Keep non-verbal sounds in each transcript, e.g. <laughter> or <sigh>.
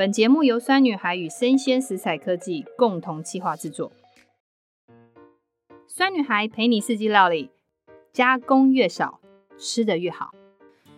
本節目由酸女孩與聲鮮時采科技共同企劃製作。酸女孩陪你四季料理，加工越少，吃得越好。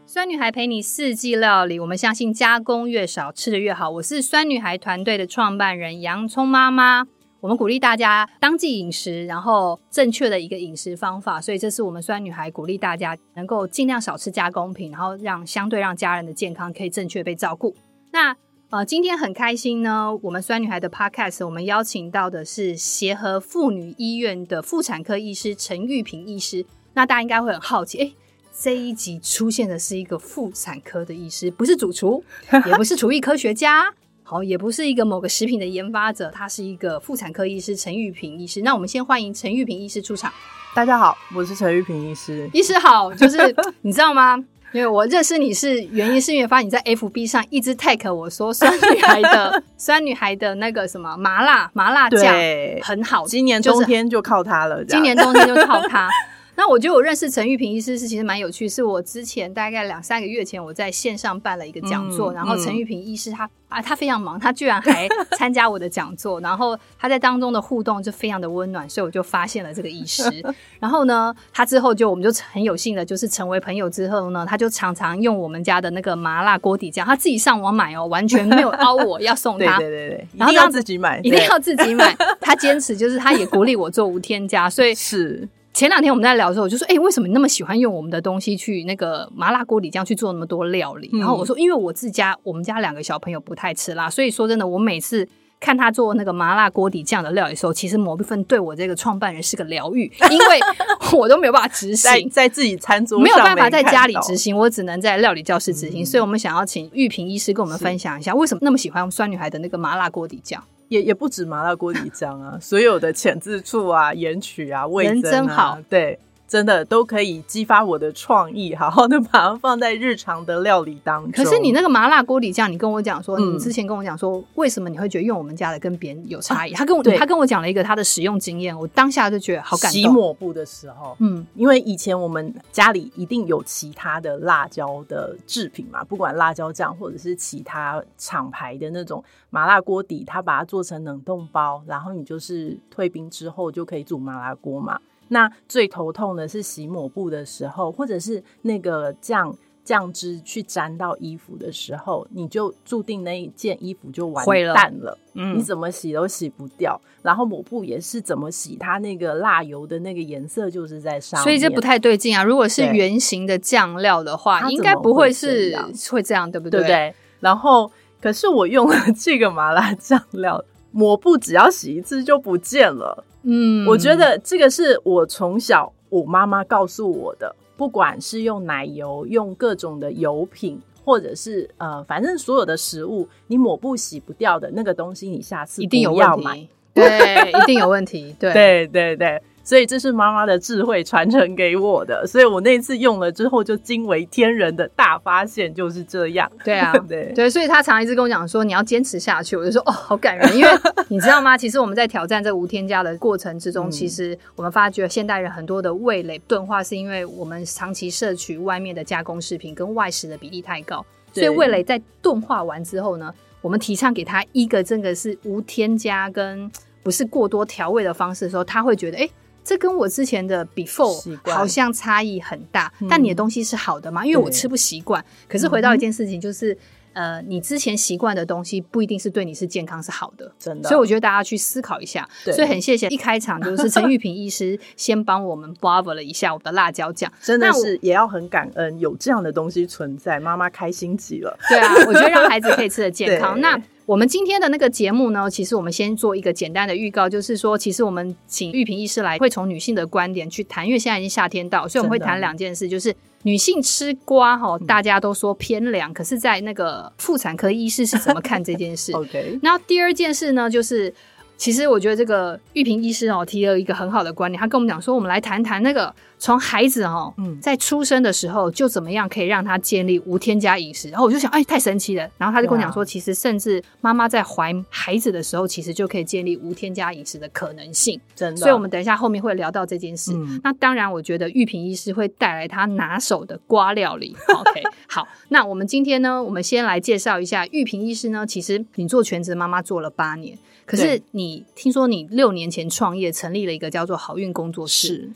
酸女孩陪你四季料理，我們相信加工越少，吃得越好。我是酸女孩團隊的創辦人洋蔥媽媽，我們鼓勵大家當季飲食，然後正確的一個飲食方法。所以，這是我們酸女孩鼓勵大家能夠盡量少吃加工品，然後讓相對讓家人的健康可以正確被照顧。那呃，今天很開心呢。我們酸女孩的 podcast，我們邀請到的是協和婦女醫院的婦產科醫師陳鈺萍醫師。那大家應該會很好奇，哎、欸，這一集出現的是一個婦產科的醫師，不是主廚，也不是廚藝科學家， <laughs> 好，也不是一個某個食品的研發者，他是一個婦產科醫師陳鈺萍醫師。那我們先歡迎陳鈺萍醫師出場。大家好，我是陳鈺萍醫師。醫師好，就是你知道嗎？ <laughs> 因為我認識你是原因，是因為發現你在 F B 上一直 tag 我說，酸女孩的 <laughs> 酸女孩的那個什麼麻辣麻辣醬很好，就是，今年冬天就靠它了。今年冬天就靠它。那我覺得我認識陳鈺萍醫師是其實蠻有趣，是我之前大概兩三個月前我在線上辦了一個講座，嗯、然後陳鈺萍醫師他啊、嗯、他，他非常忙，他居然還參加我的講座， <laughs> 然後他在當中的互動就非常的溫暖，所以我就發現了這個醫師。 <laughs> 然後呢，他之後就我們就很有幸的，就是成為朋友之後呢，他就常常用我們家的那個麻辣鍋底醬，他自己上網買哦，完全沒有凹我要送他，對，對對對，然後一定要自己買，一定要自己買，他堅持就是他也鼓勵我做無添加，所以是。前兩天我們在聊的時候，我就說，哎、欸，為什麼你那麼喜歡用我們的東西去那個麻辣鍋底醬去做那麼多料理？嗯、然後我說，因為我自家我們家兩個小朋友不太吃辣，所以說真的，我每次看他做那個麻辣鍋底醬的料理的時候，其實某部分對我這個創辦人是個療癒，因為我都沒有辦法執行 <laughs> 在、在自己餐桌上，沒有辦法在家裡執行，到我只能在料理教室執行。嗯、所以我們想要請鈺萍醫師跟我們分享一下，是為什麼那麼喜歡酸女孩的那個麻辣鍋底醬。也也不止麻辣鍋底醬啊， <laughs> 所有的淺漬醋啊、鹽麴啊、味噌啊，人真好，對。真的都可以激發我的創意，好好的把它放在日常的料理當中。可是你那個麻辣鍋底醬，你跟我講說，嗯，你之前跟我講說，為什麼你會覺得用我們家的跟別人有差異？啊，他跟我對他跟我講了一個他的使用經驗，我當下就覺得好感動。洗抹布的時候，嗯，因為以前我們家裡一定有其他的辣椒的製品嘛，不管辣椒醬或者是其他廠牌的那種麻辣鍋底，他把它做成冷凍包，然後你就是退冰之後就可以煮麻辣鍋嘛。那最頭痛的是洗抹布的時候，或者是那個醬醬汁去沾到衣服的時候，你就注定那一件衣服就完蛋了，了嗯，你怎麼洗都洗不掉。然後抹布也是怎麼洗，它那個辣油的那個顏色就是在上面，所以這不太對勁啊。如果是圓形的醬料的話，對應該不會是會這樣，對不對？對對，然後，可是我用了這個麻辣醬料。抹布只要洗一次就不見了。嗯，我覺得這個是我從小我媽媽告訴我的。不管是用奶油、用各種的油品，或者是呃，反正所有的食物，你抹布洗不掉的那個東西，你下次一定不要買。對，一定有問題。對 <laughs> 一定有問題，對，對對對。所以這是媽媽的智慧傳承給我的，所以我那一次用了之後就驚為天人的大發現就是這樣。對啊，對對，所以他常一直跟我講說，你要堅持下去，我就說哦，好感人，因為 <laughs> 你知道嗎？其實我們在挑戰這無添加的過程之中，嗯、其實我們發覺現代人很多的味蕾鈍化，是因為我們長期攝取外面的加工食品跟外食的比例太高，對所以味蕾在鈍化完之後呢，我們提倡給他一個真的是無添加跟不是過多調味的方式的時候，他會覺得哎，誒這跟我之前的 before 好像差異很大，慣但你的東西是好的嘛？嗯、因為我吃不習慣。對可是回到一件事情，就是、嗯、呃，你之前習慣的東西不一定是對你是健康是好的，真的、哦。所以我覺得大家去思考一下。對所以很謝謝一開場就是陳鈺萍醫師先幫我們 braver 了一下我們的辣椒醬，真的是也要很感恩有這樣的東西存在，媽媽開心極了。 <laughs> 對啊，我覺得讓孩子可以吃得健康那。我們今天的那個節目呢，其實我們先做一個簡單的預告，就是說，其實我們請鈺萍醫師來，會從女性的觀點去談，因為現在已經夏天到，所以我們會談兩件事，就是女性吃瓜哈，大家都說偏涼，可是在那個婦產科醫師是怎麼看這件事 <laughs> ？OK。然後第二件事呢，就是其實我覺得這個鈺萍醫師哦提了一個很好的觀點，他跟我們講說，我們來談談那個。從孩子哦，在出生的時候就怎麼樣可以讓他建立無添加飲食？然後我就想，哎、欸，太神奇了。然後他就跟我講說，哇其實甚至媽媽在懷孩子的時候，其實就可以建立無添加飲食的可能性。真的，所以我們等一下後面會聊到這件事。嗯、那當然，我覺得鈺萍醫師會帶來他拿手的瓜料理。 <laughs> OK，好，那我們今天呢，我們先來介紹一下鈺萍醫師呢。其實你做全職媽媽做了八年，可是你對聽說你六年前創業成立了一個叫做好孕工作室。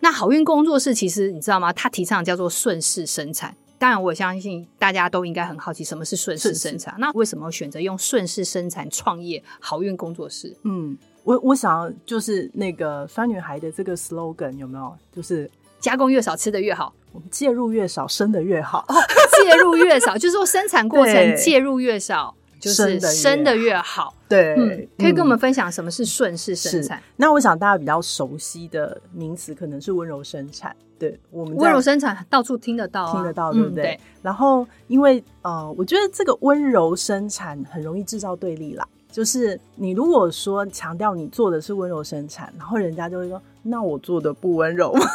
那好孕工作室其實你知道嗎？他提倡，叫做順勢生產。當然，我相信大家都應該很好奇什麼是順勢生產。是是，那為什麼我選擇用順勢生產創業好孕工作室？嗯，我我想就是那個酸女孩的這個 slogan 有沒有？就是加工越少吃得越好，我們介入越少生得越好。哦，介入越少， <laughs> 就是說生產過程介入越少。就是生的越好，越好對。嗯，可以跟我們分享什麼是順勢生產？嗯，那我想大家比較熟悉的名詞可能是溫柔生產，對，我們溫柔生產到處聽得到啊，聽得到，對不對？嗯，對，然後因為呃，我覺得這個溫柔生產很容易製造對立啦。就是你如果說強調你做的是溫柔生產，然後人家就會說，那我做的不溫柔嗎？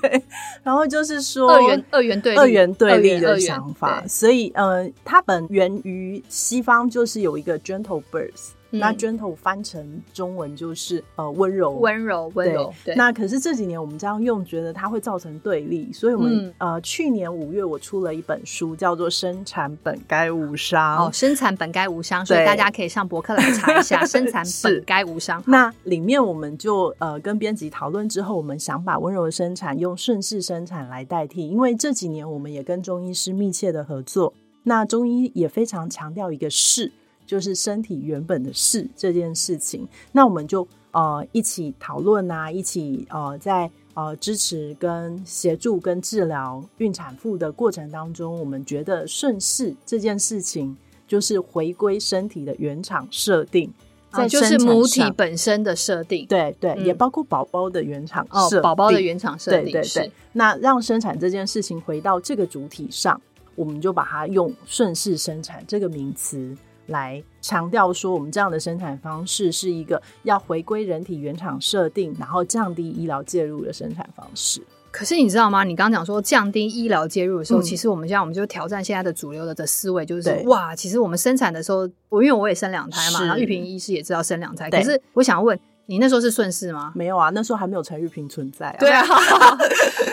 對，然後就是說二元二元對二元對立的想法，所以呃，它本源於西方，就是有一個 gentle birth。嗯、那 gentle 翻成中文就是呃溫柔溫柔溫柔。那可是這幾年我們這樣用，覺得它會造成對立，所以我們、嗯、呃去年五月我出了一本書，叫做《生產本該無傷》。哦，生產本該無傷，對所以大家可以上博客來查一下《 <laughs> 生產本該無傷》。那裡面我們就呃跟編輯討論之後，我們想把溫柔的生產用順勢生產來代替，因為這幾年我們也跟中醫師密切的合作，那中醫也非常強調一個事就是身體原本的事這件事情，那我們就呃一起討論啊，一起呃在呃支持跟協助跟治療孕產婦的過程當中，我們覺得順勢這件事情就是回歸身體的原廠設定，啊、在生產上就是母體本身的設定，對對，對嗯、也包括寶寶的原廠設定哦，寶寶的原廠設定，對對對，是對，那讓生產這件事情回到這個主體上，我們就把它用順勢生產這個名詞。來強調說，我們這樣的生產方式是一個要回歸人體原廠設定，然後降低醫療介入的生產方式。可是你知道嗎？你剛剛講說降低醫療介入的時候，嗯、其實我們現在我們就挑戰現在的主流的的思維，就是說對哇，其實我們生產的時候，我因為我也生兩胎嘛，是然後鈺萍醫師也知道生兩胎，對可是我想要問。你那時候是順勢嗎？沒有啊，那時候還沒有陳鈺萍存在。啊。對啊，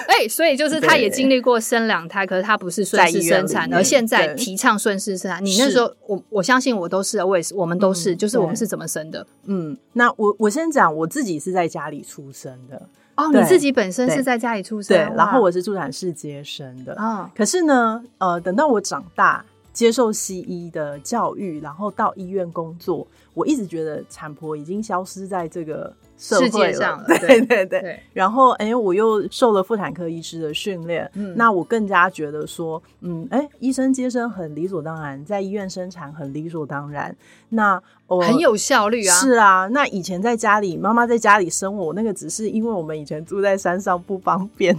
哎，所以就是他也經歷過生兩胎，可是他不是順勢生產，而現在提倡順勢生產。你那時候，我我相信我都是，我也是，我們都是，就是我們是怎麼生的？嗯，那我我先講我自己是在家裡出生的哦，你自己本身是在家裡出生，然後我是助產士接生的。嗯，可是呢，呃，等到我長大接受西醫的教育，然後到醫院工作。我一直覺得產婆已經消失在這個社會了世界上了。對對對。對然後，哎、欸，我又受了婦產科醫師的訓練，嗯，那我更加覺得說，嗯，哎、欸，醫生接生很理所當然，在醫院生產很理所當然。那、哦、很有效率啊，是啊。那以前在家裡，媽媽在家裡生我，那個只是因為我們以前住在山上不方便，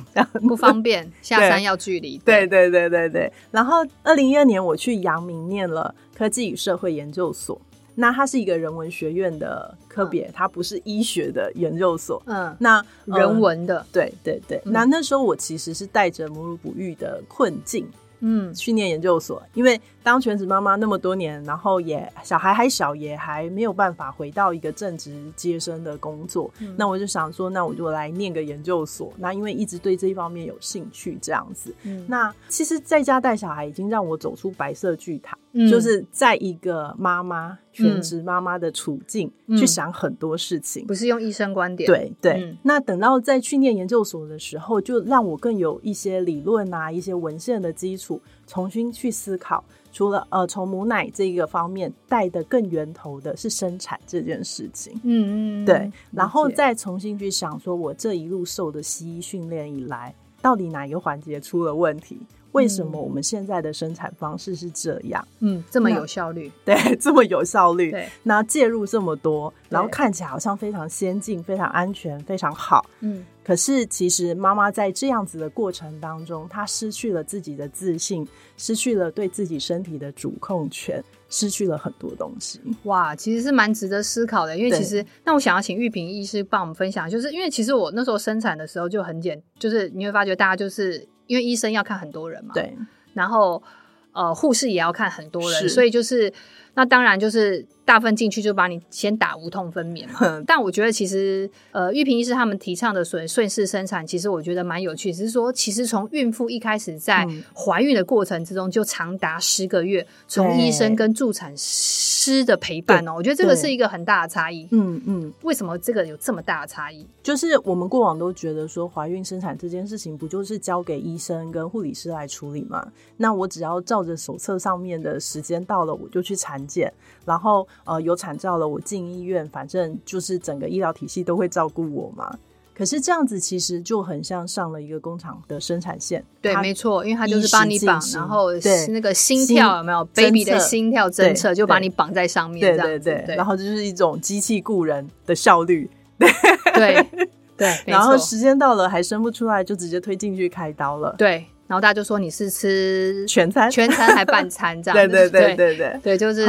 不方便下山要距離。對對,對對對對對。然後，二零一二年我去陽明念了科技與社會研究所。那它是一個人文學院的科別，嗯、它不是醫學的研究所。嗯，那嗯人文的，對對對。對對嗯、那那時候我其實是帶着母乳哺育的困境，嗯，去念研究所，因為當全職媽媽那麼多年，然後也小孩還小，也還沒有辦法回到一個正職接生的工作。嗯、那我就想說，那我就來念個研究所。那因為一直對這一方面有興趣，這樣子。嗯、那其實在家帶小孩已經讓我走出白色巨塔，嗯、就是在一個媽媽。全職媽媽的處境，嗯、去想很多事情，不是用醫生觀點。對對，對嗯、那等到在去念研究所的時候，就讓我更有一些理論啊，一些文獻的基礎，重新去思考。除了呃，從母奶這個方面帶的更源頭的是生產這件事情。嗯嗯，嗯對，嗯、然後再重新去想，說我這一路受的西醫訓練以來，到底哪一個環節出了問題？為什麼我們現在的生産方式是這樣？嗯，這麼有效率，對，這麼有效率。對，那介入這麼多，然後看起來好像非常先進、對非常安全、非常好。嗯，可是其實媽媽在這樣子的過程當中，她失去了自己的自信，失去了對自己身體的主控權，失去了很多東西。哇，其實是蠻值得思考的，因為其實對那我想要請鈺萍醫師幫我們分享，就是因為其實我那時候生産的時候就很簡，就是你會發覺大家就是。因為醫生要看很多人嘛，對，然後呃，護士也要看很多人，是，所以就是。那當然就是大分進去就把你先打無痛分娩嘛。呵但我覺得其實呃鈺萍醫師他們提倡的所謂順勢生產，其實我覺得蠻有趣。只、就是說其實從孕婦一開始在懷孕的過程之中，就長達十個月，從、嗯、醫生跟助產師的陪伴哦、喔，對我覺得這個是一個很大的差異。嗯嗯，為什麼這個有這麼大的差異？嗯嗯、差就是我們過往都覺得說，懷孕生產這件事情不就是交給醫生跟護理師來處理嘛？那我只要照着手冊上面的時間到了，我就去產件，然後呃有產兆了，我進醫院，反正就是整個醫療體系都會照顧我嘛。可是這樣子其實就很像上了一個工廠的生產線，對，沒錯，因為它就是把你綁，然後是那個心跳有沒有？baby 的心跳偵測就把你綁在上面，對對對，然後就是一種機器顧人的效率，對對對，然後時間到了還生不出來，就直接推進去開刀了，對。然後大家就說，你是吃全餐，全餐還半餐這樣？ <laughs> 對，對對對對對，對，對就是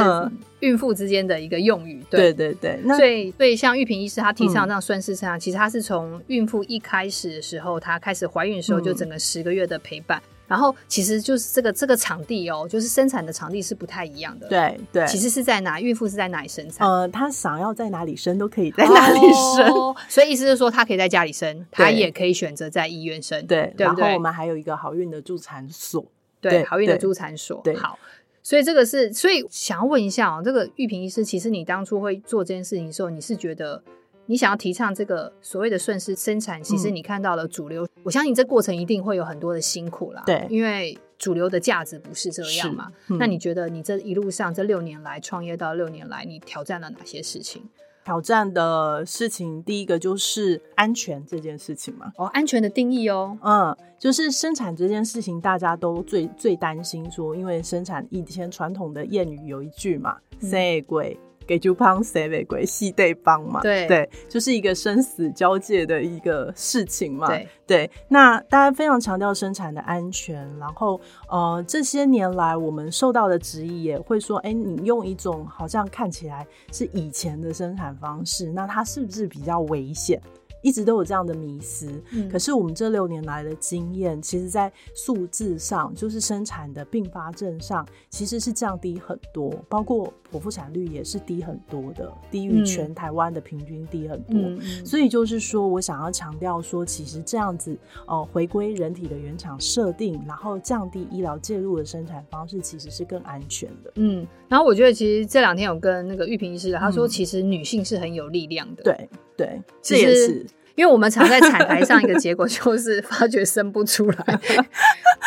孕婦之間的一個用語。嗯、對，對對對，那所以所以像鈺萍醫師她提倡這樣順勢生產這樣，嗯、其實她是從孕婦一開始的時候，她開始懷孕的時候就整個十個月的陪伴。嗯然後其實就是這個這個場地哦，就是生產的場地是不太一樣的。對對，對，其實是在哪，孕婦是在哪裡生產。呃，她想要在哪裡生都可以在哪裡生，哦、 <laughs> 所以意思就是說她可以在家裡生，她對也可以選擇在醫院生。對對，對然後我們還有一個好運的助產所，對，對，對好運的助產所。對，對好，所以這個是，所以想要問一下哦，這個鈺萍醫師，其實你當初會做這件事情的時候，你是覺得？你想要提倡這個所謂的順勢生產，其實你看到了主流，嗯、我相信這過程一定會有很多的辛苦啦。對，因為主流的價值不是這樣嘛。嗯、那你覺得你這一路上這六年來創業到六年來，你挑戰了哪些事情？挑戰的事情，第一個就是安全這件事情嘛。哦，安全的定義哦，嗯，就是生產這件事情，大家都最最擔心說，因為生產以前傳統的諺語有一句嘛，“三 A 貴”。給豬幫塞玫鬼，系對方嘛？對,對，就是一個生死交界的一個事情嘛。對,對，那大家非常強調生產的安全，然後呃，這些年來我們受到的質疑也會說，哎，你用一種好像看起來是以前的生產方式，那它是不是比較危險？一直都有這樣的迷思，可是我們這六年來的經驗，嗯、其實在數字上，就是生產的併發症上，其實是降低很多，包括剖腹產率也是低很多的，低於全台灣的平均低很多。嗯、所以就是說我想要強調說，其實這樣子哦、呃，回歸人體的原廠設定，然後降低醫療介入的生產方式，其實是更安全的。嗯，然後我覺得其實這兩天有跟那個鈺萍醫師，他說其實女性是很有力量的。嗯、對。對，實這也是因為我們常在產台上一個結果就是發覺生不出來， <laughs>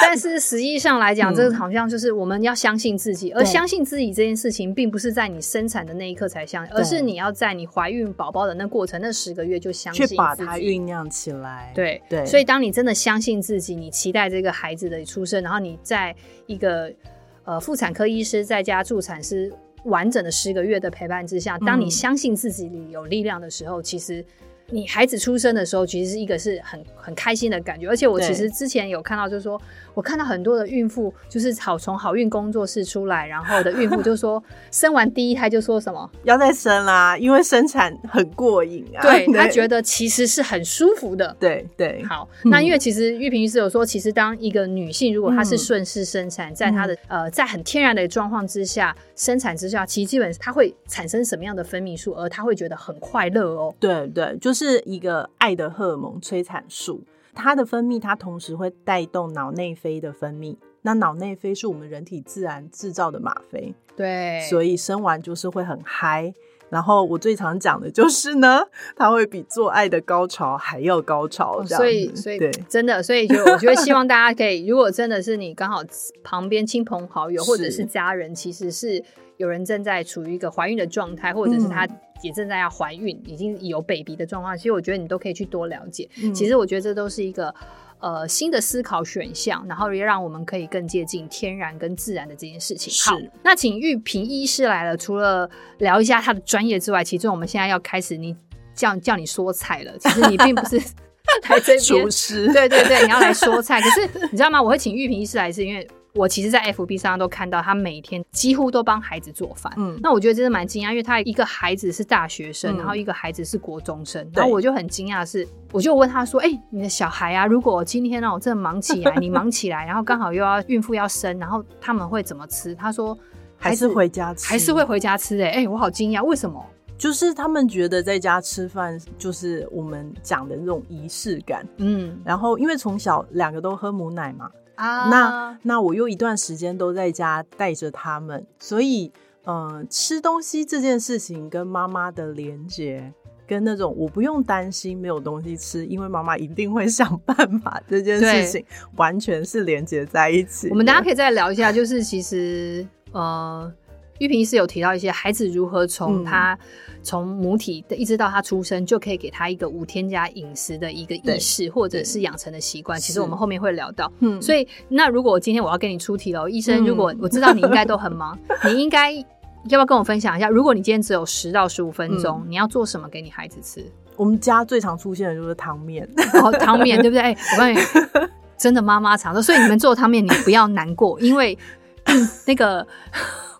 但是實際上來講，嗯、這個好像就是我們要相信自己，而相信自己這件事情，並不是在你生產的那一刻才相信，對而是你要在你懷孕寶寶的那過程那十個月就相信自己，把它醞釀起來。對對，對，所以當你真的相信自己，你期待這個孩子的出生，然後你在一個呃婦產科醫師在家助產師完整的十個月的陪伴之下，當你相信自己有力量的時候，嗯、其實你孩子出生的時候，其實是一個是很很開心的感覺。而且我其實之前有看到，就是說對我看到很多的孕婦，就是從好從好孕工作室出來，然後的孕婦就說 <laughs> 生完第一胎就說什麼要再生啦，啊，因為生產很過癮啊，對她對覺得其實是很舒服的。對對，對好，嗯、那因為其實鈺萍醫師有說，其實當一個女性如果她是順勢生產，嗯、在她的、嗯、呃在很天然的狀況之下。生產之下，其實基本它會產生什麼樣的分泌素，而他會覺得很快樂哦。對對，就是一個愛的荷爾蒙催產素，它的分泌，它同時會帶動腦內啡的分泌。那腦內啡是我們人體自然製造的嗎啡。對，所以生完就是會很嗨。然後我最常講的就是呢，他會比做愛的高潮還要高潮，這樣，哦。所以，所以對，真的，所以就我覺得希望大家可以， <laughs> 如果真的是你剛好旁邊親朋好友是或者是家人，其實是有人正在處於一個懷孕的狀態，或者是他也正在要懷孕，嗯、已經有 baby 的狀況，其實我覺得你都可以去多了解。嗯、其實我覺得這都是一個。呃，新的思考選項，然後也讓我們可以更接近天然跟自然的這件事情。是好，那請鈺萍醫師來了，除了聊一下他的專業之外，其實我們現在要開始你，你叫叫你說菜了。其實你並不是台中廚師，持對對對，你要來說菜。 <laughs> 可是你知道嗎？我會請鈺萍醫師來是因為。我其實，在 FB 上都看到他每天幾乎都幫孩子做飯。嗯，那我覺得真的蠻驚訝，因為他一個孩子是大學生，嗯、然後一個孩子是國中生。嗯、然後我就很驚訝的是，是我就問他說：“哎對、欸，你的小孩啊，如果今天呢，我真的忙起來， <laughs> 你忙起來，然後剛好又要孕婦要生，然後他們會怎麼吃？”他說：“還是回家吃，還是會回家吃、欸。”哎，哎，我好驚訝，為什麼？就是他們覺得在家吃飯就是我們講的那種儀式感。嗯，然後因為從小兩個都喝母奶嘛。啊、那那我又一段時間都在家帶着他們，所以嗯，吃東西這件事情跟媽媽的連結，跟那種我不用擔心沒有東西吃，因為媽媽一定會想辦法這件事情，對完全是連結在一起。我們大家可以再聊一下，就是其實呃、嗯，鈺萍是有提到一些孩子如何從他。嗯從母體的一直到他出生，就可以給他一個無添加飲食的一個意識，對或者是養成的習慣。對其實我們後面會聊到。是嗯，所以那如果今天我要跟你出題了，醫生，如果我知道你應該都很忙，嗯、你應該要不要跟我分享一下？如果你今天只有十到十五分鐘，嗯、你要做什麼給你孩子吃？我們家最常出現的就是湯麵。 <laughs> 哦，湯麵對不對？欸、我告訴你，真的媽媽常說，所以你們做湯麵，你不要難過， <laughs> 因為那個。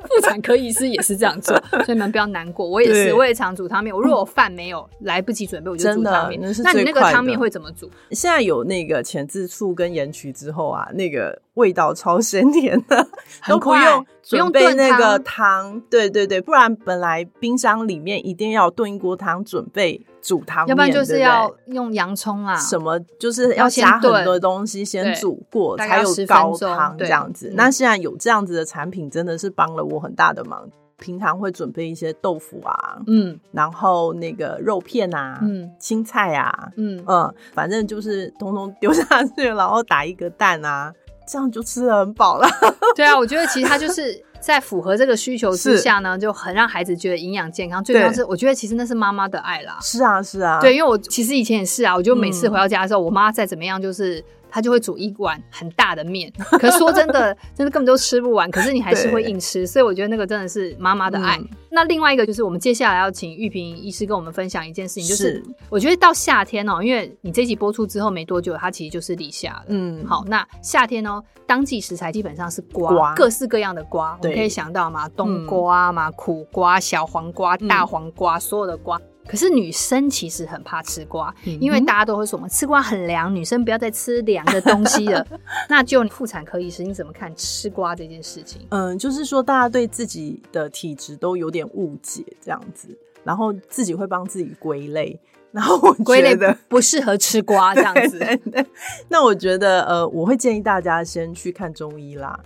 婦 <laughs> 產科醫師也是這樣做，所以你們不要難過。我也是對我也常煮湯麵，我如果飯沒有、嗯、來不及準備，我就煮湯麵。那，那你那個湯麵會怎麼煮？現在有那個淺漬醋跟鹽麴之後啊，那個味道超鮮甜的，很快都不用不用燉那個湯。對對對，不然本來冰箱裡面一定要燉一鍋湯準備。煮湯，要不然就是要用洋蔥啊，什麼就是要加很多東西先煮過，才有高湯這樣子。那現在有這樣子的產品，真的是幫了我很大的忙。平常會準備一些豆腐啊，嗯，然後那個肉片啊，嗯，青菜啊，嗯嗯，反正就是統統丟下去，然後打一個蛋啊，這樣就吃得很飽了。對啊，我覺得其實它就是。在符合這個需求之下呢，是就很讓孩子覺得營養健康。對最重要是，我覺得其實那是媽媽的愛啦。是啊，是啊。對，因為我其實以前也是啊，我就每次回到家的時候，嗯、我媽再怎麼樣就是。他就會煮一碗很大的麵，可是說真的，真的根本就吃不完， <laughs> 可是你還是會硬吃，對所以我覺得那個真的是媽媽的愛。嗯、那另外一個就是，我們接下來要請鈺萍醫師跟我們分享一件事情，就是，是我覺得到夏天哦、喔，因為你這集播出之後沒多久，它其實就是立夏了。嗯，好，那夏天哦、喔，當季食材基本上是瓜，瓜各式各樣的瓜，對我們可以想到嘛，冬瓜嘛，嗯、苦瓜、小黃瓜、大黃瓜，嗯、所有的瓜。可是女生其實很怕吃瓜，嗯、哼因為大家都會說嘛，吃瓜很涼，女生不要再吃涼的東西了。 <laughs> 那就你婦產科醫生，你怎麼看吃瓜這件事情？嗯，就是說大家對自己的體質都有點誤解這樣子，然後自己會幫自己歸類，然後我覺得歸類不，不適合吃瓜這樣子 <laughs> 對對對。那我覺得呃，我會建議大家先去看中醫啦。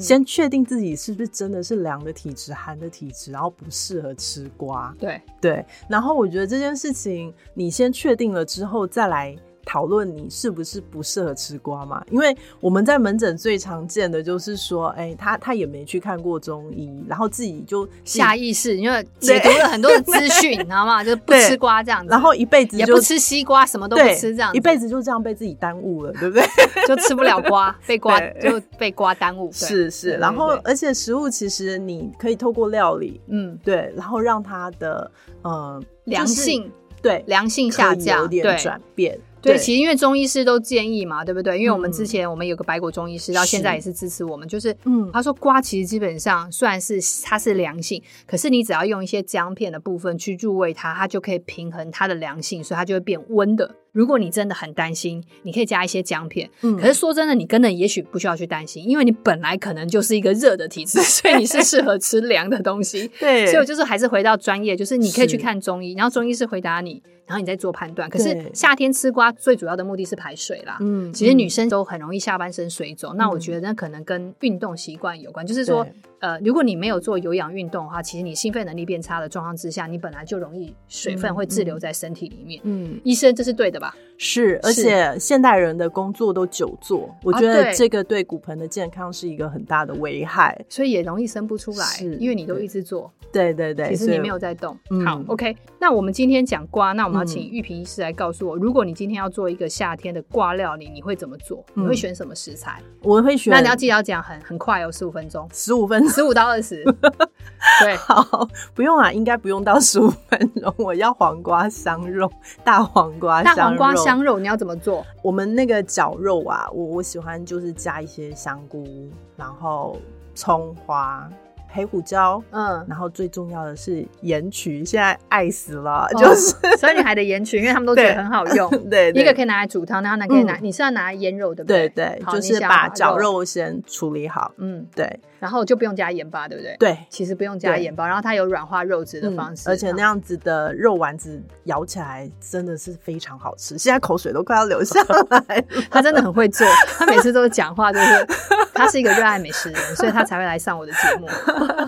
先確定自己是不是真的是涼的體質、寒的體質，然後不適合吃瓜。對對，然後我覺得這件事情，你先確定了之後再來。討論你是不是不適合吃瓜嘛，因為我們在門診最常見的就是說，哎、欸，他他也沒去看過中醫，然後自己就下意識，因為解讀了很多的資訊，對你知道嗎？就是不吃瓜這樣子，然後一輩子就也不吃西瓜，什麼都不吃這樣，一輩子就這樣被自己耽誤了，對不對？就吃不了瓜，被瓜對就被瓜耽誤。是是，然後而且食物其實你可以透過料理，嗯，對，然後讓它的嗯涼性，就是，對涼性下降，有點轉變。對，其實因為中醫師都建議嘛，對不對？因為我們之前我們有個白果中醫師，嗯、到現在也是支持我們，就是，嗯，他說瓜其實基本上雖然是它是涼性，可是你只要用一些薑片的部分去入味它，它就可以平衡它的涼性，所以它就會變溫的。如果你真的很擔心，你可以加一些薑片。嗯，可是說真的，你根本也許不需要去擔心，因為你本來可能就是一個熱的體質， <laughs> 所以你是適合吃涼的東西。對，所以我就是還是回到專業，就是你可以去看中醫，是然後中醫是回答你，然後你再做判斷。可是夏天吃瓜最主要的目的，是排水啦。嗯對，其實女生都很容易下半身水腫，嗯、那我覺得那可能跟運動習慣有關，對就是說。呃，如果你沒有做有氧運動的話，其實你心肺能力變差的狀況之下，你本來就容易水分會滯留在身體裡面。嗯，醫生，這是對的吧？是，而且現代人的工作都久坐，我覺得這個對骨盆的健康是一個很大的危害，所以也容易生不出來。是，因為你都一直做。對對對，其實你沒有在動。好，OK。那我們今天講瓜，那我們要請鈺萍醫師來告訴我，如果你今天要做一個夏天的瓜料理，你會怎麼做？你會選什麼食材？我會選。那你要記得要講很很快哦，十五分鐘。十五分鐘。十五到二十，對，好，不用啊，應該不用到十五分鐘。我要黃瓜香肉，大黃瓜香肉。大黃瓜香肉，你要怎麼做？我們那個絞肉啊，我我喜歡就是加一些香菇，然後蔥花、黑胡椒，嗯，然後最重要的是鹽曲，現在愛死了，就是酸女孩的鹽曲，因為他們都覺得很好用。對，一個可以拿來煮湯，然後拿可以拿，你是要拿來醃肉的。對對，就是把絞肉先處理好。嗯，對。然後就不用加鹽巴，對不對？對，其實不用加鹽巴。對然後它有軟化肉質的方式，嗯、而且那樣子的肉丸子咬起來真的是非常好吃，現在口水都快要流下來。嗯、他真的很會做，他 <laughs> 每次都是講話，就是他是一個熱愛美食的人， <laughs> 所以他才會來上我的節目。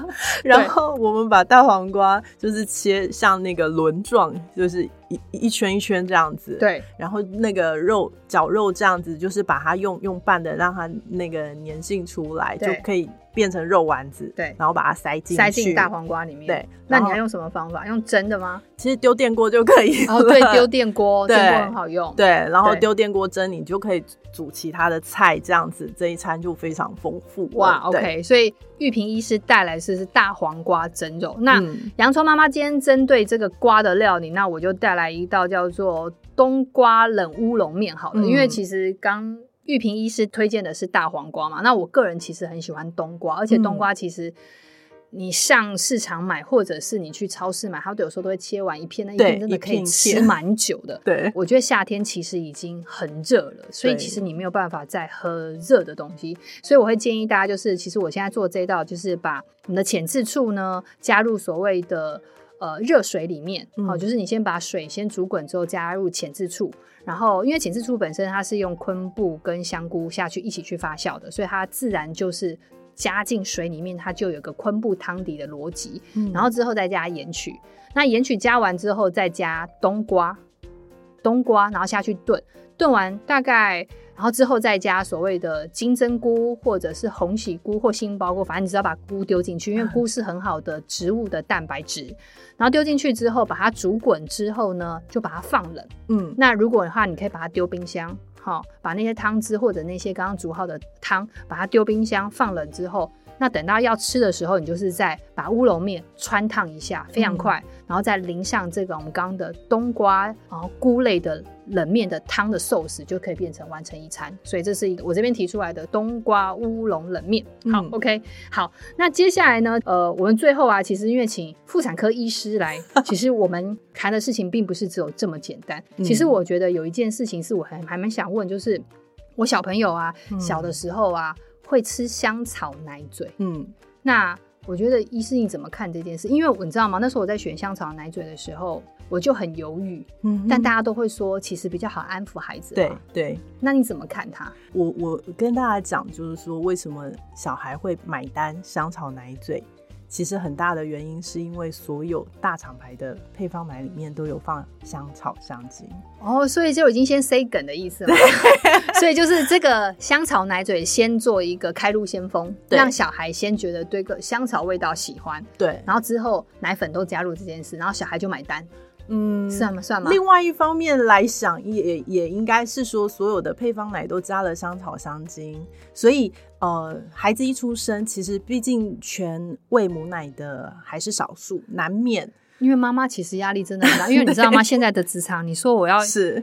<laughs> 然後我們把大黃瓜就是切像那個輪狀，就是一一圈一圈這樣子。對。然後那個肉絞肉這樣子，就是把它用用拌的，讓它那個粘性出來，對就可以。變成肉丸子，對，然後把它塞進塞進大黃瓜裡面。對，那你要用什麼方法？用蒸的嗎？其實丟電鍋就可以。哦，對，丟電鍋，對電鍋很好用。對，然後丟電鍋蒸，你就可以煮其他的菜，這樣子這一餐就非常豐富。哇對，OK，所以鈺萍醫師帶來是是大黃瓜蒸肉。那、嗯、洋蔥媽媽今天針對這個瓜的料理，那我就帶來一道叫做冬瓜冷烏龍麵，好了，嗯、因為其實剛。鈺萍醫師推薦的是大黃瓜嘛，那我個人其實很喜歡冬瓜，而且冬瓜其實你上市場買，或者是你去超市買，它都有時候都會切完一片，那一片真的可以吃蠻久的。對，片片對，我覺得夏天其實已經很熱了，所以其實你沒有辦法再喝熱的東西，對所以我會建議大家就是，其實我現在做這一道就是把我們的淺質處呢加入所謂的。呃，熱水裡面，好、哦，嗯、就是你先把水先煮滾之後，加入淺漬醋，然後因為淺漬醋本身它是用昆布跟香菇下去一起去發酵的，所以它自然就是加進水裡面，它就有個昆布湯底的邏輯，嗯、然後之後再加鹽麴，那鹽麴加完之後再加冬瓜，冬瓜然後下去燉。燉完大概，然後之後再加所謂的金針菇，或者是鴻喜菇或杏鮑菇，反正你只要把菇丟進去，嗯、因為菇是很好的植物的蛋白質。然後丟進去之後，把它煮滾之後呢，就把它放冷。嗯，那如果的話，你可以把它丟冰箱，好、哦，把那些湯汁或者那些剛剛煮好的湯，把它丟冰箱放冷之後，那等到要吃的時候，你就是再把烏龍麵汆燙一下，非常快，嗯、然後再淋上這個我們剛剛的冬瓜然後菇類的。冷麵的湯的壽司就可以變成完成一餐，所以這是一個我這邊提出來的冬瓜烏龍冷麵。嗯、好，OK，好，那接下來呢？呃，我們最後啊，其實因為請婦產科醫師來， <laughs> 其實我們談的事情並不是只有這麼簡單。其實我覺得有一件事情是我還還蠻想問，就是我小朋友啊，小的時候啊、嗯、會吃香草奶嘴，嗯，嗯，那我覺得醫師你怎麼看這件事？因為你知道嗎？那時候我在選香草奶嘴的時候。我就很猶豫，嗯、哼但大家都會說，其實比較好安撫孩子對。對對，那你怎麼看他？我我跟大家講，就是說為什麼小孩會買單香草奶嘴？其實很大的原因是因為所有大廠牌的配方奶裡面都有放香草香精。哦，所以就已經先塞梗的意思了。 <laughs> 所以就是這個香草奶嘴先做一個開路先鋒，對讓小孩先覺得對個香草味道喜歡。對，然後之後奶粉都加入這件事，然後小孩就買單。嗯，算了，算了。另外一方面來想也，也也應該是說，所有的配方奶都加了香草香精，所以呃，孩子一出生，其實畢竟全餵母奶的還是少數，難免。因為媽媽其實壓力真的很大，因為你知道嗎？對 現在的職場，你說我要是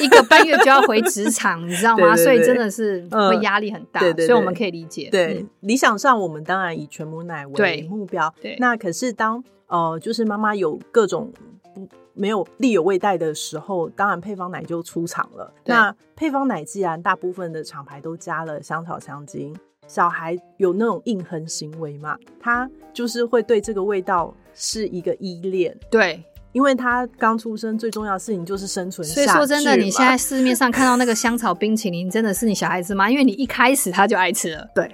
一個半月就要回職場，是 <laughs> 你知道嗎？所以真的是，會壓力很大。對，對，所以我們可以理解。對，理想上我們當然以全母奶為目標。對，對 那可是當呃，就是媽媽有各種。不沒有力有未逮的時候，當然配方奶就出場了。對那配方奶既然大部分的廠牌都加了香草香精，小孩有那種銘印行為嘛，他就是會對這個味道是一個依戀。對，因為他剛出生最重要的事情就是生存。所以說真的，你現在市面上看到那個香草冰淇淋真的是你小孩子嗎？因為你一開始他就愛吃了。對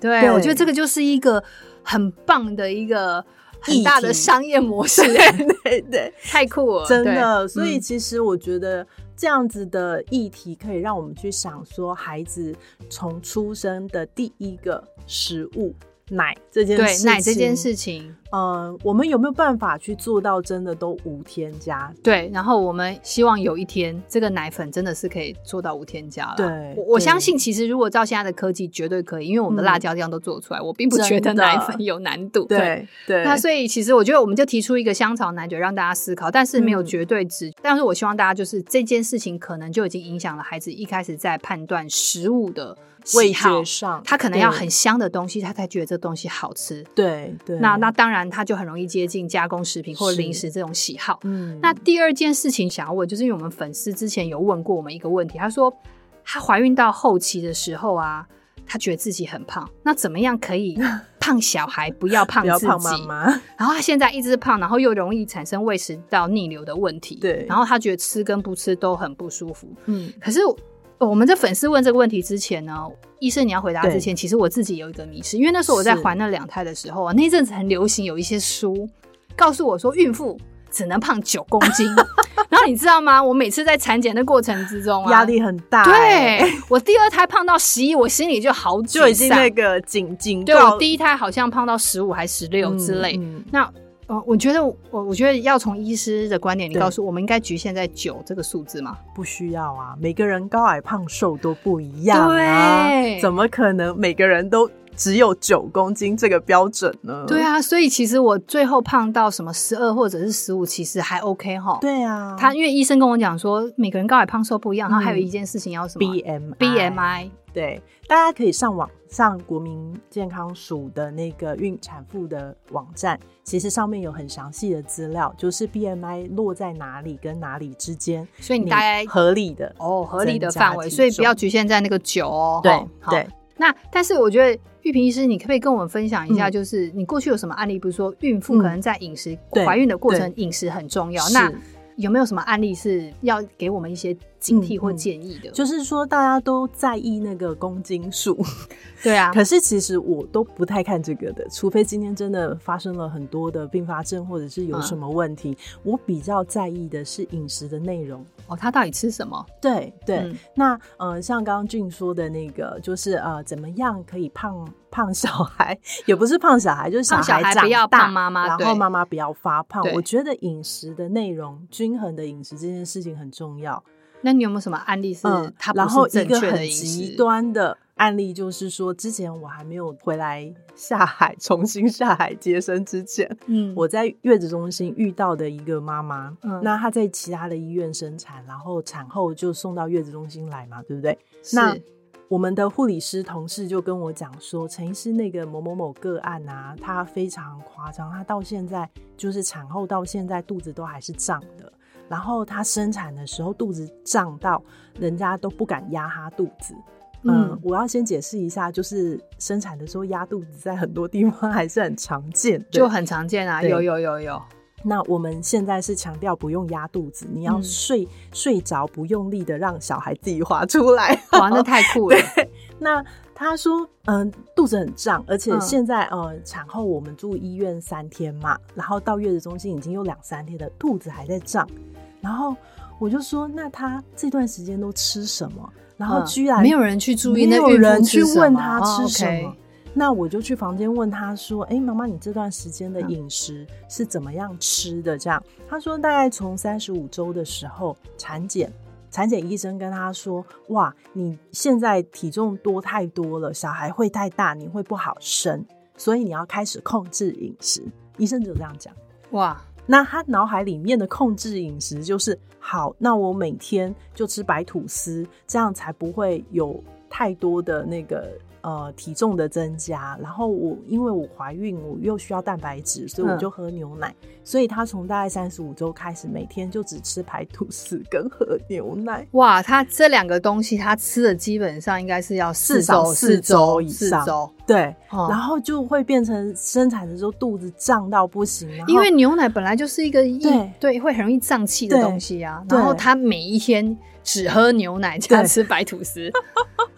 對，對對，我覺得這個就是一個很棒的一個。很大的商業模式，題對，對對，太酷了，真的。對所以其實我覺得這樣子的議題可以讓我們去想說孩子從出生的第一個食物。奶這件事，對奶這件事情，呃，我們有沒有辦法去做到真的都無添加？對，然後我們希望有一天這個奶粉真的是可以做到無添加了。對，我，我相信其實如果照現在的科技，絕對可以，因為我們的辣椒醬都做出來，嗯、我並不覺得奶粉有難度。對，真的，對，那所以其實我覺得我們就提出一個香草奶嘴讓大家思考，但是沒有絕對值，嗯、但是我希望大家就是這件事情可能就已經影響了孩子一開始在判斷食物的。喜好，味覺上，他可能要很香的東西，對他才覺得這東西好吃。對對，對那那當然，他就很容易接近加工食品或者零食這種喜好。嗯，那第二件事情想要問，就是因為我們粉絲之前有問過我們一個問題，他說他懷孕到後期的時候啊，他覺得自己很胖，那怎麼樣可以胖小孩不要胖自己？然後他現在一直胖，然後又容易產生胃食道逆流的問題。對，然後他覺得吃跟不吃都很不舒服。嗯，可是。哦、我們在粉絲問這個問題之前呢，醫生你要回答之前，對其實我自己有一個迷思，因為那時候我在懷那兩胎的時候啊，是那一陣子很流行有一些書告訴我說孕婦只能胖九公斤， <laughs> 然後你知道嗎？我每次在產檢的過程之中，啊，壓力很大、欸。對，我第二胎胖到十一，我心裡就好沮喪。就已經那個緊緊，對我第一胎好像胖到十五還十六之類。嗯嗯、那。哦，我覺得我我覺得要從醫師的觀點，你告訴我們，對我們應該局限在九這個數字嗎？不需要啊，每個人高矮胖瘦都不一樣啊，對，怎麼可能每個人都？只有九公斤這個標準呢？對啊，所以其實我最後胖到什麼十二或者是十五，其實還 OK 哈。對啊，他因為醫生跟我講說，每個人高矮胖瘦不一樣，嗯，然後還有一件事情要什麼 BMI？BMI MI 對，大家可以上網上國民健康署的那個孕產婦的網站，其實上面有很詳細的資料，就是 BMI 落在哪裡跟哪裡之間，所以你大概你合理的哦，合理的範圍，所以不要局限在那個九哦。對對。好對那但是我覺得鈺萍醫師，你可不可以跟我們分享一下，就是、嗯、你過去有什麼案例？比如說孕婦可能在飲食懷、嗯、孕的過程，飲食很重要。是那有沒有什麼案例是要給我們一些警惕或建議的？嗯嗯、就是說大家都在意那個公斤數，對啊。可是其實我都不太看這個的，除非今天真的發生了很多的并發症，或者是有什麼問題。嗯、我比較在意的是飲食的內容。哦、他到底吃什麼？對對，對嗯、那呃，像剛剛俊說的那個，就是呃，怎麼樣可以胖胖小孩？也不是胖小孩，就是小，小孩不要胖媽媽，然後媽媽不要發胖。對，我覺得飲食的內容、均衡的飲食這件事情很重要。那你有沒有什麼案例是,他不是正？嗯，然後一個很極端的案例就是說，之前我還沒有回來下海，重新下海接生之前，嗯，我在月子中心遇到的一個媽媽，嗯、那她在其他的醫院生產，然後產後就送到月子中心來嘛，對不對？是那我們的護理師同事就跟我講說，陳醫師那個某某某個案啊，她非常誇張，她到現在就是產後到現在肚子都還是脹的。然後她生產的時候肚子脹到人家都不敢壓她肚子。嗯，嗯，我要先解釋一下，就是生產的時候壓肚子在很多地方還是很常見，就很常見啊。對有有有有。那我們現在是強調不用壓肚子，你要睡、嗯、睡着不用力的讓小孩自己滑出來，滑的、啊、太酷了 <laughs> 對。那他說，嗯，肚子很脹，而且現在、嗯、呃產後我們住醫院三天嘛，然後到月子中心已經有兩三天了，肚子還在脹。然後我就說，那他這段時間都吃什麼？然後居然沒有人去注意，沒有人去問他吃什麼。啊 okay、那我就去房間問他說：“哎、欸，媽媽，你這段時間的飲食是怎麼樣吃的？”這樣他說：“大概從三十五週的時候產檢，產檢醫生跟他說：‘哇，你現在體重多太多了，小孩會太大，你會不好生，所以你要開始控制飲食。’醫生就這樣講。”哇。那他腦海裡面的控制飲食就是好，那我每天就吃白吐司，這樣才不會有太多的那個。呃，體重的增加，然後我因為我懷孕，我又需要蛋白質，所以我就喝牛奶。嗯、所以他從大概三十五周開始，每天就只吃排吐司跟喝牛奶。哇，他這兩個東西，他吃的基本上應該是要四周四,四周以上。周周對，嗯、然後就會變成生產的時候肚子脹到不行。因為牛奶本來就是一個易對，對會很容易脹氣的東西啊，對然後他每一天。只喝牛奶，加吃白吐司。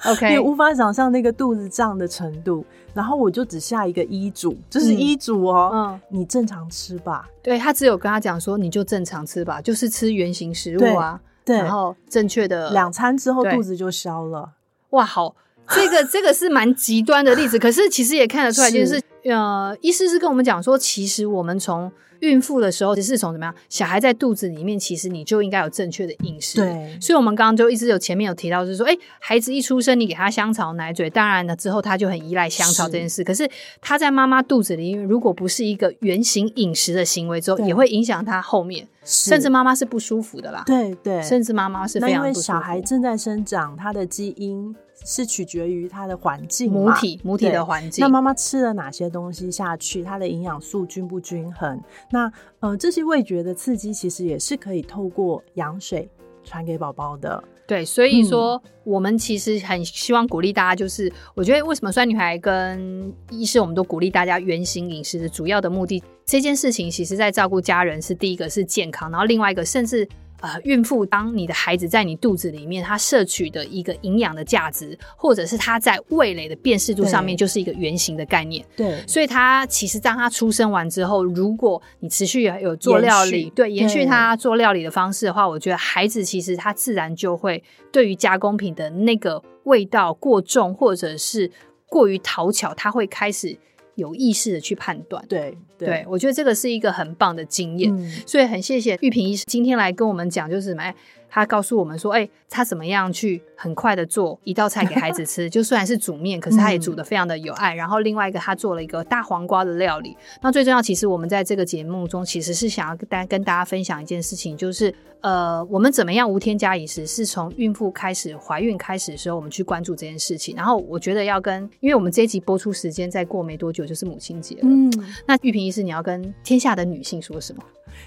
OK，你無法想象那個肚子脹的程度。然後我就只下一個醫囑，就是醫囑哦，嗯、你正常吃吧。對，他只有跟他講說，你就正常吃吧，就是吃原型食物啊。對，對，然後正確的兩餐之後肚子就消了。哇，好，這個這個是蠻極端的例子。 <laughs> 可是其實也看得出來，就是，是，呃，醫師是跟我們講說，其實我們從。孕婦的時候，其實是從怎麼樣？小孩在肚子裡面，其實你就應該有正確的飲食。對，所以，我們剛剛就一直有前面有提到，就是說，哎，孩子一出生，你給他香草奶嘴，當然了，之後他就很依賴香草這件事。是可是，他在媽媽肚子裡，如果不是一個原型飲食的行為之後，對也會影響他後面，是甚至媽媽是不舒服的啦。對對，甚至媽媽是非常不舒服。那因為小孩正在生長，他的基因。是取決於它的環境母，母體母體的環境。那媽媽吃了哪些東西下去，它的營養素均不均衡。那呃，這些味覺的刺激其實也是可以透過羊水傳給寶寶的。對，所以說、嗯、我們其實很希望鼓勵大家，就是我覺得為什麼酸女孩跟醫師我們都鼓勵大家原型飲食的主要的目的，這件事情其實在照顧家人是第一個是健康，然後另外一個甚至。呃，孕婦，當你的孩子在你肚子裡面，他攝取的一個營養的價值，或者是他在味蕾的辨識度上面，就是一個原型的概念。對，對，所以他其實當他出生完之後，如果你持續有做料理，續對，延續他做料理的方式的話，對我覺得孩子其實他自然就會對於加工品的那個味道過重，或者是過於討巧，他會開始。有意識的去判斷，對，對，對，我覺得這個是一個很棒的經驗，嗯、所以很謝謝鈺萍醫師今天來跟我們講，就是什麼。他告訴我們說：“哎、欸，他怎麼樣去很快的做一道菜給孩子吃？ <laughs> 就雖然是煮麵，可是他也煮得非常的有愛。嗯、然後另外一個，他做了一個大黃瓜的料理。那最重要，其實我們在這個節目中，其實是想要跟跟大家分享一件事情，就是呃，我們怎麼樣無添加飲食，是從孕婦開始懷孕開始的時候，我們去關注這件事情。然後我覺得要跟，因為我們這一集播出時間再過沒多久就是母親節了。嗯，那鈺萍醫師，你要跟天下的女性說什麼？”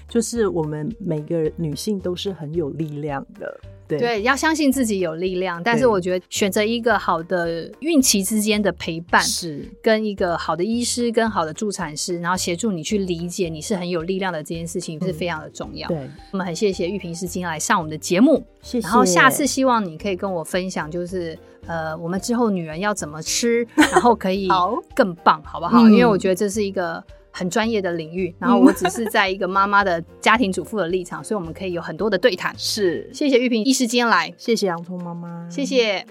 就是我們每個女性都是很有力量的，對對，要相信自己有力量。但是我覺得選擇一個好的孕期之間的陪伴，是跟一個好的醫師、跟好的助產師，然後協助你去理解你是很有力量的這件事情對是非常的重要。對，我們很謝謝鈺萍醫師今天來上我們的節目，謝謝。然後下次希望你可以跟我分享，就是呃，我們之後女人要怎麼吃，然後可以更棒， <laughs> 好，好不好？嗯、因為我覺得這是一個。很專業的領域，然後我只是在一個媽媽的家庭主婦的立場， <laughs> 所以我們可以有很多的對談。是，謝謝鈺萍醫師時間來，謝謝洋蔥媽媽，謝謝。